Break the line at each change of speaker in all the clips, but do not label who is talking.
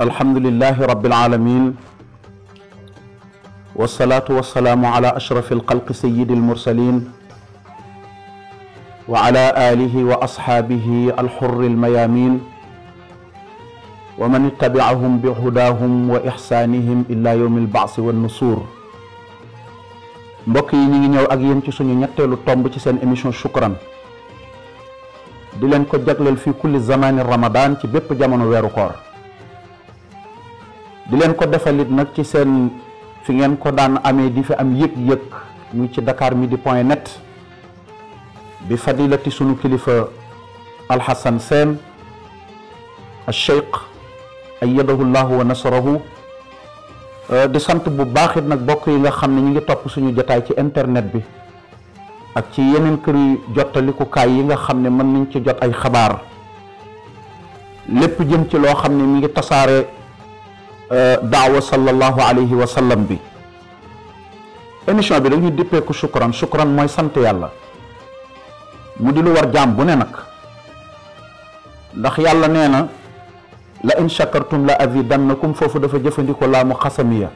alhamdulilahi rabbil alamin wasalaatu wasalaamu ala ashrafi alxalqi sayidi almursalin wa ala alihi wa asxaabihi alxurri almayamin wa man ittabiahum bi hudaahum wa ixsaanihim ila yowmi albaasi wannusuur mbokk yi ñu ngi ñëw ak yéen ci suñu ñetteelu tomb ci seen émission shukran di leen ko jagleel fii kulli zamaani ramadan ci bépp jamono weeru koor di leen ko defalit nag ci seen fi ngeen ko daan amee di fi am yëg-yëg ñu ci dakar midi point net bi fadilati sunu kilifa alxasan seen alcheikh ayadahu llahu wa nasarahu euh, di sant bu baaxit nag bokk yi nga xam ne ñu ngi topp suñu jotaay ci internet bi ak ci yeneen kër yu jottalikukaay yi nga xam ne mën nañ ci jot ay xabaar lépp jëm ci loo xam ne mi ngi tasaare daawa sallallahu alayhi wa sallam bi émission bi dañuy dippee ko sukran mooy sant yàlla mu di lu war jaam bu ne nag ndax yàlla nee na la in shakartum la azidannakum foofu dafa jëfandikoo laa mu xasamiya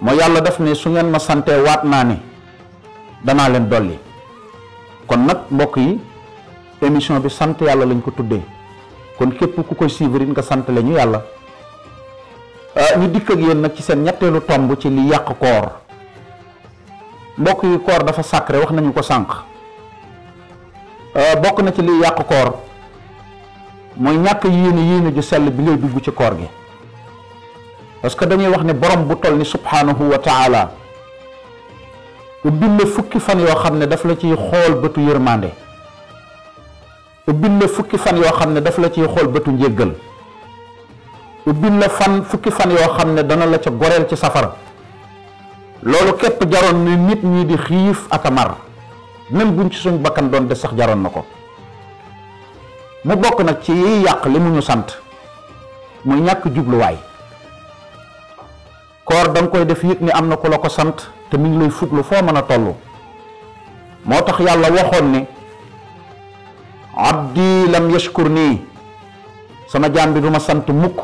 moo yàlla def ne su ngeen ma santee waat naa ne danaa leen dolli kon nag mbokk yi émission bi sant yàlla lañ ko tuddee kon képp ku koy suivre nga sant lañu yàlla Euh, ñu dikk ak yéen nag ci seen ñetteelu tomb ci li yàq koor mbokk yi koor dafa sacré wax nañu ko sànq euh, bokk na ci li yàq koor mooy ñàkk yéene yéene ju sell bi ngay dugg ci koor gi parce que dañuy wax ne borom bu toll ni subhanahu wa taala ubbil la fukki fan yoo xam ne daf la ciy xool bëtu yërmande ubbil la fukki fan yoo xam ne daf la ciy xool bëtu njéggal ubbil la fan fukki fan yoo xam ne dana la ca goreel ci safara loolu képp jaroon ni nit ñi di xiif ak a mar même buñ ci suñ bakkan doon de sax jaroon na ko mu bokk nag ci yiy yàq li mu ñu sant mu ñàkk jubluwaay koor da koy def yëg ni am na ko la ko sant te mi ngi lay fuglu foo mën a toll moo tax yàlla waxoon ni abdi lam yashkur nii sama jaam bi du ma sant mukk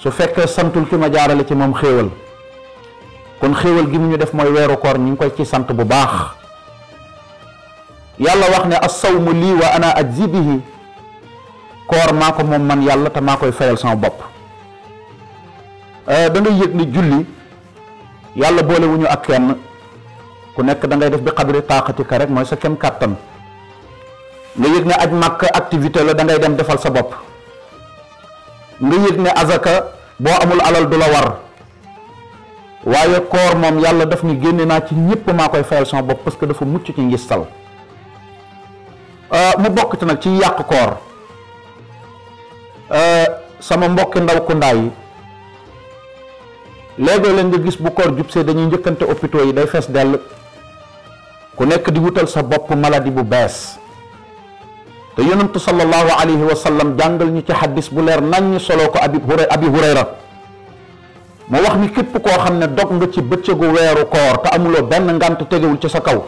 su fekkee santul ki ma jaarale ci moom xéewal kon xéewal gi mu ñu def mooy weeru koor ñu ngi koy ci sant bu baax yàlla wax ne as-sawmu lii wa ana ajzi bihi koor maa ko moom man yàlla te maa koy fayal sama bopp eh, da ngay yëg ni julli yàlla boole wu ñu ak kenn ku nekk da ngay def bi xadri taaxatika rek mooy sa kenn kàttan nga yëg ne aj màkk activité la da ngay dem defal sa bopp nga yëg ne azaka boo amul alal du la war waaye koor moom yàlla daf ñu génne naa ci ñëpp maa koy fayal sama bopp parce que dafa mucc ci ngistal euh, mu bokk nag ci yàq koor euh, sama mbokki ndaw ku ndaa yi léegoo leen nga gis bu koor jubsee dañuy njëkkante hôpitaux yi day fees dell ku nekk di wutal sa bopp maladie bu bees te yonantu sallallahu alayhi wa sallam jàngal ñu ci xaddis bu leer nañ ñu soloo ko abi huray abi hurayra moo wax mi képp koo xam ne dog nga ci bëccëgu weeru koor te amuloo benn ngant tegewul ci sa kaw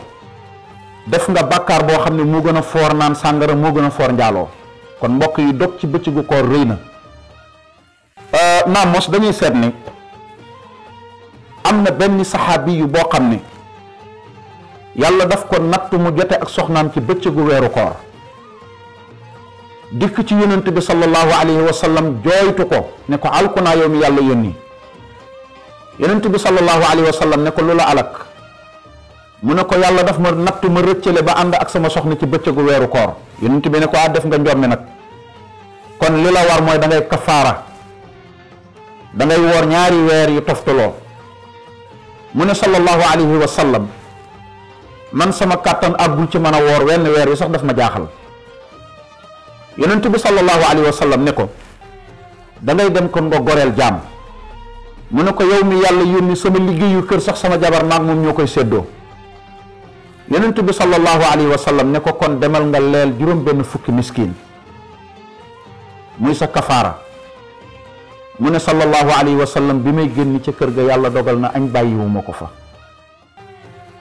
def nga bàkkaar boo xam ne moo gën a foor naan sàngara moo gën a foor njaaloo kon mbokk yi dog ci bëccëgu koor rëy na euh, naam mos dañuy seet ni am na benn saxaabi yu boo xam ne yàlla daf ko nag mu jote ak soxnaam ci bëccëgu weeru koor dikk ci yonent bi sallallahu alayhi wa sallam jooytu ko ne ko alku yow mi yàlla yónni yonent bi sallallahu alayhi wa sallam ne ko lu la alak mu ne ko yàlla daf ma natt ma rëccale ba ànd ak sama soxna ci bëccëgu weeru koor yonent bi ne ko ah def nga njommi nag kon li la war mooy da ngay kafaara da ngay woor ñaari weer yu toftaloo mu ne sallallahu alayhi wa sallam man sama kàttan àggul ci mën a woor wenn weer wi sax daf ma jaaxal yonent bi sallallahu alayhi wa sallam ne ko da dem kon nga goreel jaam mu ne ko yow mi yàlla yónni sama liggéeyu kër sax sama jabar naa moom ñoo koy séddoo yonent bi sallallahu alayhi wa sallam ne ko kon demal nga leel juróom benn fukki miskin muy sa kafaara mu ne sallallahu alayhi wa sallam bi may génn ca kër ga yàlla dogal na añ bàyyiwu ko fa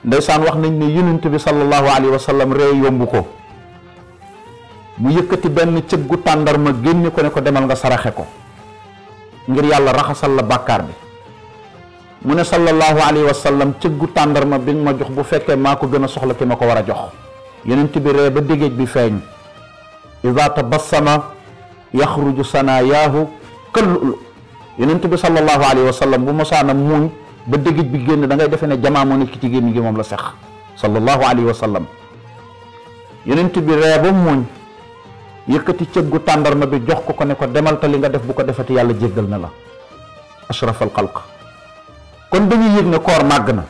ndeysaan wax nañ ne yonent bi sallallahu alayhi wa sallam ree yombu ko mu yëkkati benn cëggu tàndarma génne ko ne ko demal nga saraxe ko ngir yàlla raxasal la bakkaar bi mu ne sallallahu alayhi wa cëggu tàndarma bi nga ma jox bu fekkee maa ko gën a soxla ki ko war a jox yonent bi ree ba dégéej bi feeñ ida tabassama yaxruju sanayaahu kallu yonent bi sallallahu alayhi wa sallam bu mosaana muuñ ba dégéej bi génn da ngay defee ne jamaa moo nekk ci gémmiñ gi moom la sex sallallahu alayhi wa sallam bi ree ba muuñ yëkkati cëggu tàndarma bi jox ko ko ne ko demal te li nga def bu ko defati yàlla jéggal na la ashrafal xalq kon dañuy yëg ne koor màgg na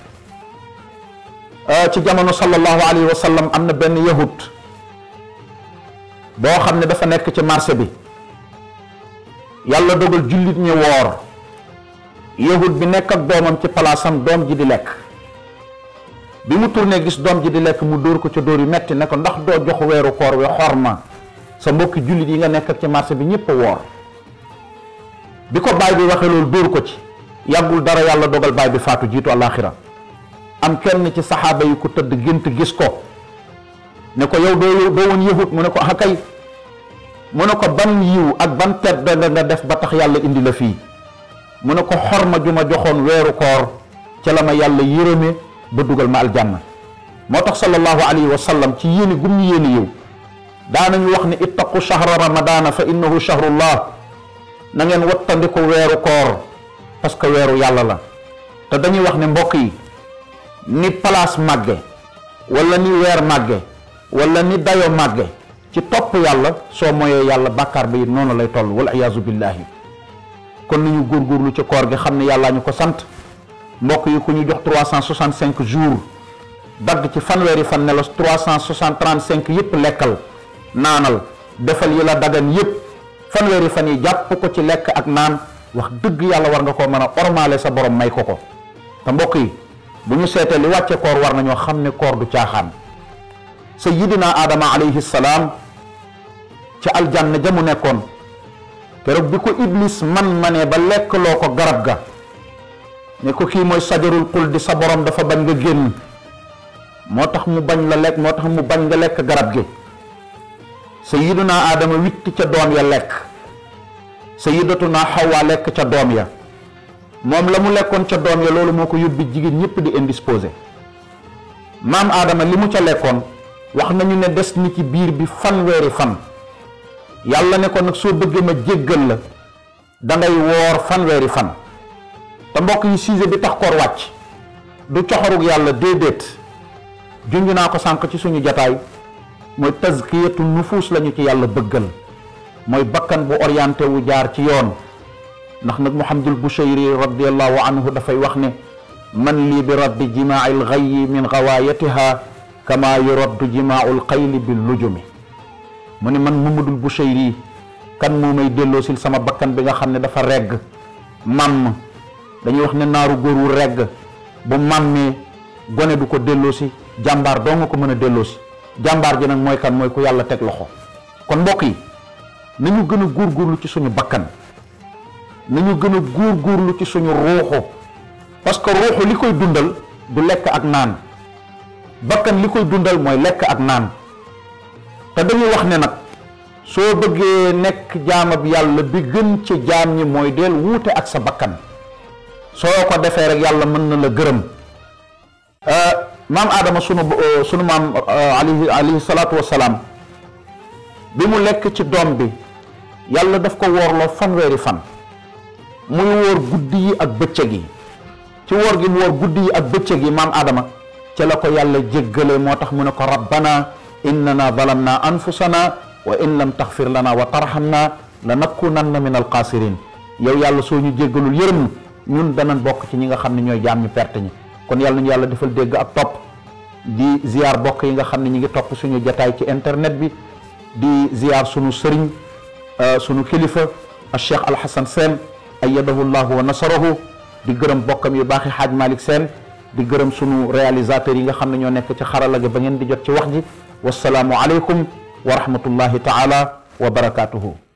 ah, ci jamono sallallahu alayhi wa sallam am na benn yahut boo xam ne dafa nekk ci marché bi yàlla dogal jullit ñi woor yahut bi nekk ak doomam ci palaasam doom ji di lekk bi mu tourné gis doom ji di lekk mu dóor ko ca dóor yi metti ne ko ndax doo jox weeru koor wi xorma sa mbokki jullit yi nga nekk ak ci marché bi ñëpp a woor bi ko baay bi waxee loolu dóor ko ci yàggul dara yàlla dogal baay bi faatu jiitu àllaaxira am kenn ci saxaaba yi ku tëdd gént gis ko ne ko yow doo woon yëhut mu ne ko ah kay mu ne ko ban yiw ak ban tedd nga def ba tax yàlla indi la fii mu ne ko ma ju ma joxoon weeru koor ca la ma yàlla yërëme ba dugal ma aljanna moo tax sallallahu alayhi wa sallam ci yéene gum yéene yow daanañu wax ni ittaqu shahra ramadana fa innahu shahrullah na ngeen wattandiku weeru koor parce que weeru yàlla la te dañuy wax ne mbokk yi ni place màgge wala ni weer màgge wala ni dayo màgge ci topp yàlla soo moyee yàlla bàkkaar ba it noonu lay toll wal iyaazu billahi kon nañu lu ci koor gi xam ne yàllaa ñu ko sant mbokk yi ku ñu jox trois cent soixante cinq jours dagg ci fanweeri fan ne la trois cent soixante lekkal naanal defal yi la dagan yëpp fanweeri fan yi jàpp ko ci lekk ak naan wax dëgg yàlla war nga koo mën a ormaale sa borom may ko ko te mbokk yi bu ñu seetee li wàcce koor war na ñoo xam ne koor du caaxaan sa sayyidina aadama alayhi salaam ci aljanna ja mu nekkoon keroog bi ko iblis man ma ne ba lekk loo ko garab ga ne ko kii mooy sajarul di sa borom dafa bañ nga génn moo tax mu bañ la lekk moo tax mu bañ nga lekk garab gi naa adama witt ca doom ya lekk sayidatuna xawwa lekk ca doom ya moom la mu lekkoon ca doom ya loolu moo ko yóbbi jigéen ñëpp di indisposé maam aadama li mu ca lekkoon wax nañu ne des ni ci biir bi fanweeri fan yàlla ne ko nag soo bëggee ma jéggal la dangay woor fanweeri fan te mbokk yi siise bi tax koor wàcc du coxorug yàlla déedéet junj naa ko sànq ci suñu jataay mooy tazkiyatu nufuus lañu ci yàlla bëggal mooy bakkan bu orienté wu jaar ci yoon ndax nag Muhammadul Bushayri radiallahu anhu dafay wax ne man lii bi raddi jimaaci lxayi min gawaayatiha kama yuraddu jimaacu lxayli bi lujumi mu ne man Muhammadul Bushayri kan moo may delloosil sama bakkan bi nga xam ne dafa regg màmm dañuy wax ne naaru góor góorwu regg bu màmmee gone du ko delloosi jàmbaar doo nga ko mën a delloosi jàmbaar ji nag mooy kan mooy ku yàlla teg loxo kon mbokk yi nañu gën a góorgóorlu ci suñu bakkan nañu gën a góorgóorlu ci suñu ruuxu parce que ruuxu li koy dundal du lekk ak naan bakkan li koy dundal mooy lekk ak naan te dañuy wax ne nag soo bëggee nekk jaamab yàlla bi gën ci jaam ñi mooy deel wuute ak sa bakkan soo ko defee rek yàlla mën na la gërëm euh, maam Adama sunu eh, sunu maam eh, alayhi alayhi bi mu lekk ci doom bi yàlla def ko woorloo fanweeri fan muy woor guddi yi ak bëccëg yi ci woor gi mu woor guddi yi ak bëccëg yi maam Adama ca la ko yàlla jéggale moo tax mu ne ko rabbana innana zalamna anfusana wa in lam taxfir lana wa na lanakunanna min alxaasirin yow yàlla soo ñu jéggalul yërëm ñun danañ bokk ci ñi nga xam ne ñooy jaam ñu perte ñi kon yàlla nañu yàlla defal dégg ak topp di ziar bokk yi nga xam ne ñu ngi topp suñu jataay ci internet bi di ziar suñu sëriñ euh, suñu kilifa al cheikh alxasan seen ayyadahu llahu wa nasarahu di gërëm bokkam yu baaxi xaaj malik seen di gërëm suñu réalisateurs yi nga xam ne ñoo nekk ci xarala ga ba ngeen di jot ci wax ji wasalaamu aleykum wa rahmatullahi taala wa barakatuhu